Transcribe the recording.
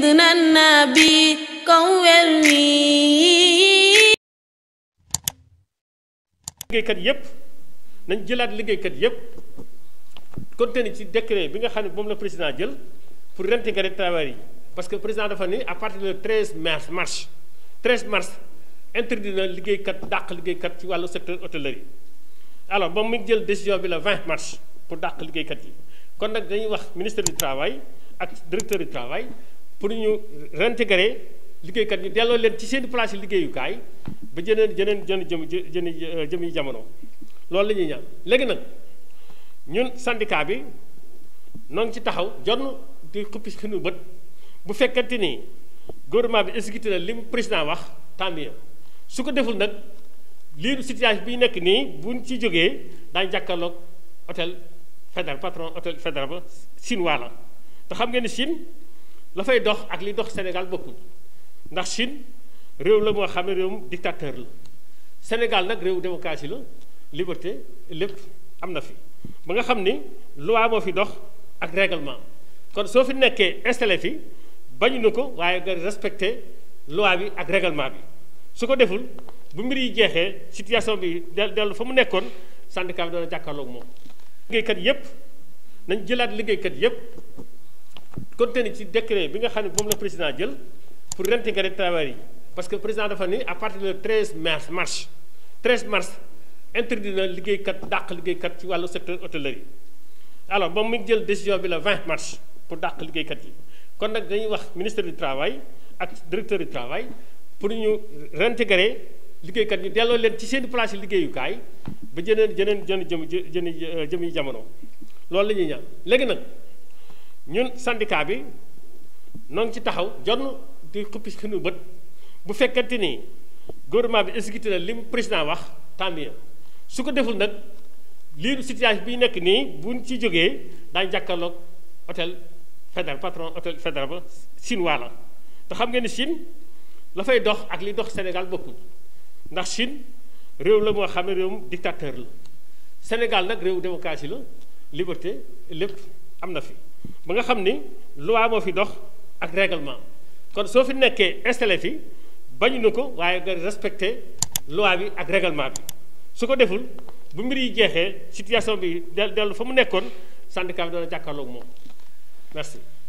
سيدنا النبي kawel wi liggéeykat yépp nañ jëlaat liggéeykat yépp contenu ci décret bi nga xam ne moom la président jël pour réintégrer travailleurs yi parce que président dafa ni à partir du 13 mars mars 13 mars interdit na liggéeykat dàq liggéeykat ci wàllu secteur hôtellerie alors moom mi ngi jël décision bi la 20 mars pour dàq liggéeykat yi kon nag dañuy wax ministre du travail ak directeur du travail pour ñu réintégrer liggéeykat ñu delloo leen ci seen place liggéeyukaay ba jeneen jeneen jën jëm jën jëm yi jamono loolu lañuy ñuy léegi nag ñun syndicat bi noo ngi ci taxaw jonn di xuppi xinu bët bu fekkante ni gouvernement bi exécuté na li mu président wax tant su ko deful nag lii situation bi nekk nii bu ci jógee daañu jàkkaarloog hôtel fédéral patron hôtel fédéral ba Chine la te xam ngeen ni la fay dox ak li dox Sénégal bokkul ndax Chine réew la moo xam ne réewum dictateur la Sénégal nag réewu démocratie la liberté lépp am na fi ba nga xam ni loi moo fi dox ak règlement kon soo fi nekkee installé fi bañu na ko waaye nga respecté loi bi ak règlement bi su ko deful bu mbir yi jeexee situation bi dellu fa mu nekkoon syndicat bi doon jàkkaarloog moom liggéeykat yépp nañ jëlaat liggéeykat yépp contenu ci décret bi nga xam ne moom la président jël pour réintégrer travailleurs yi parce que président dafa ni à partir de 13 mars mars 13 mars interdit na liggéeykat dàq liggéeykat ci wàllu secteur hôtellerie alors moom mi jël décision bi la 20 mars pour dàq liggéeykat yi kon nag dañuy wax ministre du travail ak directeur du travail pour ñu réintégrer liggéeykat yi delloo leen ci seen place liggéeyukaay ba jëneen jëneen jën jëm jëmi jamono loolu la ñuy ñaan léegi nag ñun syndicat bi noo ngi ci taxaw jonn di xuppi xinu bët bu fekkante ni gouvernement bi exécuté na président wax tant mieux su ko deful nag lii situation bi nekk nii buñ ci jógee daañu jàkkaarloog hôtel fédéral patron hôtel fédéral ba chinois la te xam ngeen ni Chine la fay dox ak li dox Sénégal bokkul ndax Chine réew la moo xam ne réewum dictateur la Sénégal nag réewu démocratie la liberté lépp am na fi ba nga xam ni loi moo fi dox ak règlement kon soo fi nekkee installé fi bañu nu ko waaye nga respecté loi bi ak règlement bi su ko deful bu mbir yi jeexee situation bi dellu fa mu nekkoon syndicat bi dana jàkkaarloog moom merci